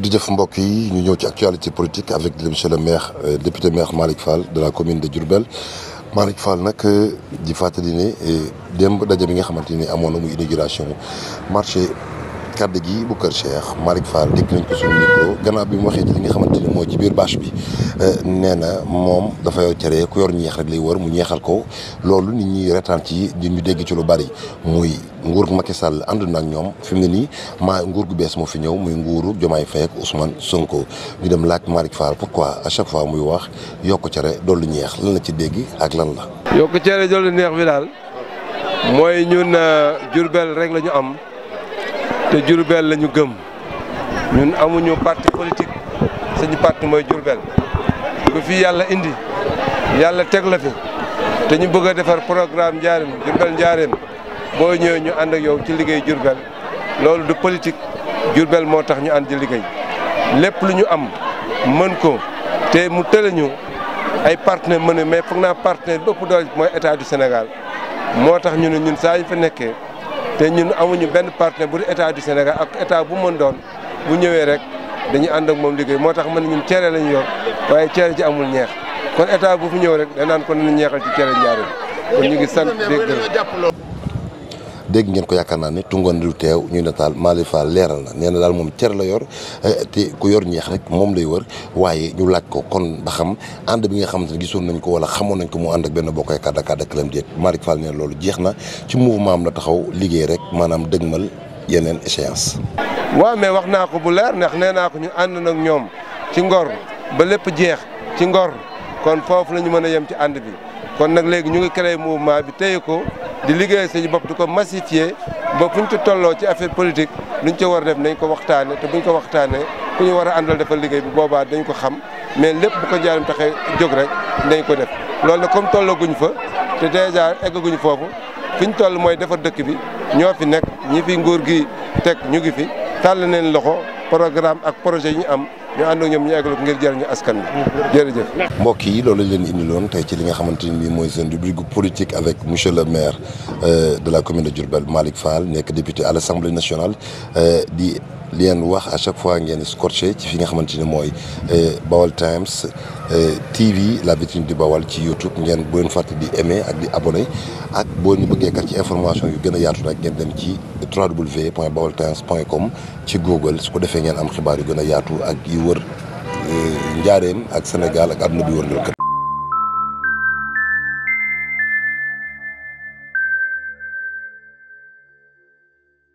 jërëjëf mbokk yi ñu ñëw ci actualité politique avec monsieur le maire euh, député maire Malick Fall de la commune de Diourbel Malick Fall nag euh, di fàttali ne euh, démb daje bi nga xamante ni amoon na muy inauguration marché. xedd gi bu Kër Cheikh Malick Fall dégg nañ ko suñu micro gannaaw bi mu waxee ci li nga xamante ni moo ci biir bâche bi euh, nee na moom dafa yor ku yor ñeex rek lay mu ñeexal ko loolu nit ñi retaan ci di dégg ci lu bari muy nguur Macky Sall ànd na ak ñoom fi mu ne nii maa nguur gu bees moo fi ñëw muy nguuru Diomaye Faye ak Ousmane Sonko ñu dem laaj Malick Fall pourquoi à chaque fois muy wax yokk cere dollu ñeex lan la ci dégg ak lan la. yokk cere dollu neex bi daal mooy ñun Jurbel euh, rek la ñu am. te Diourbel la ñu gëm ñun amuñu parti politique suñu parti mooy Diourbel ku fi yàlla indi yàlla teg la fi te ñu bëgg a defar programme Njaareem Diourbel Njaareem boo ñëwee ñu ànd ak yow ci liggéey Diourbel loolu du politique Diourbel moo tax ñu ànd ci liggéey lépp lu ñu am mën ko te mu tële ñu ay partenaire mënu mais foog naa partenaire bëpp doole mooy état du Sénégal moo tax ñu ne ñun saa ñu fa nekkee. te ñun amuñu benn partenaire bu état du Sénégal ak état bu mën doon bu ñëwee rek dañuy ànd ak moom liggéey moo tax man ñun cere lañu yor waaye cere ji amul ñeex kon état bu fi ñëw rek danaan ko ñeex ñeexal ci cere Njaaréem o ñu ngi sant dégg dégg ngeen ko yaakaar naa ne tungoon du teew ñuy nataal Malick Fall leeral na nee daal moom cër la yor eh, te ku yor ñeex rek moom lay wër waaye ñu laaj ko kon ba xam ànd bi nga xamante ne gisoon nañ ko wala xamoon nañ ko mu ànd ak benn bokk ay kàdda kàdda këlam déet Malick loolu jeex na ci mouvement am la taxaw liggéey rek maanaam dëgmal yeneen échéance waaw mais wax naa ko bu leer ndax nee naa ko ñu ànd nag ñoom ci ngor ba lépp jeex ci ngor kon foofu lañu mën a yem ci ànd bi kon nag léegi ñu ngi créé mouvement bi téye ko di liggéey suñu bopp di ko massifier ba fu ñu ci tolloo ci affaire politique luñ ci war a def nañ ko waxtaane te buñ ko waxtaanee ku ñu war a àndal defal liggéey bi boobaa dañ ko xam mais lépp bu ko njaaram taxee jóg rek dañ ko def loolu nag comme tollaguñ fa te dèjà eggaguñ foofu fi ñu toll mooy defar dëkk bi ñoo fi nekk ñi fi nguur gi teg ñu ngi fi tàll neen loxo programme ak projet yi ñu am ñu ànd ak ñoom ñu eggal ko ngir askan bi jërëjëf mbokk yi loolu lañ leen indiloon tey ci li nga xamante ni mooy seen rubrique politique avec monsieur le maire euh, de la commune de Diourbel Malick Fall nekk député à l'Assemblée nationale euh, di li ngeen wax a chaque fois ngeen scotché ci fi nga xamante ni mooy eh, Baol Times eh, TV la vitrine du Baol ci YouTube ngeen bu leen fàtte di aimé ak di abonné ak boo ñu bëggee kat ci information yu gën a yaatu nag ngeen dem ci comme ci Google su ko defee ngeen am xibaar yu gën a yaatu ak yu wër eh, njaareem ak Sénégal ak na bi wërngal kër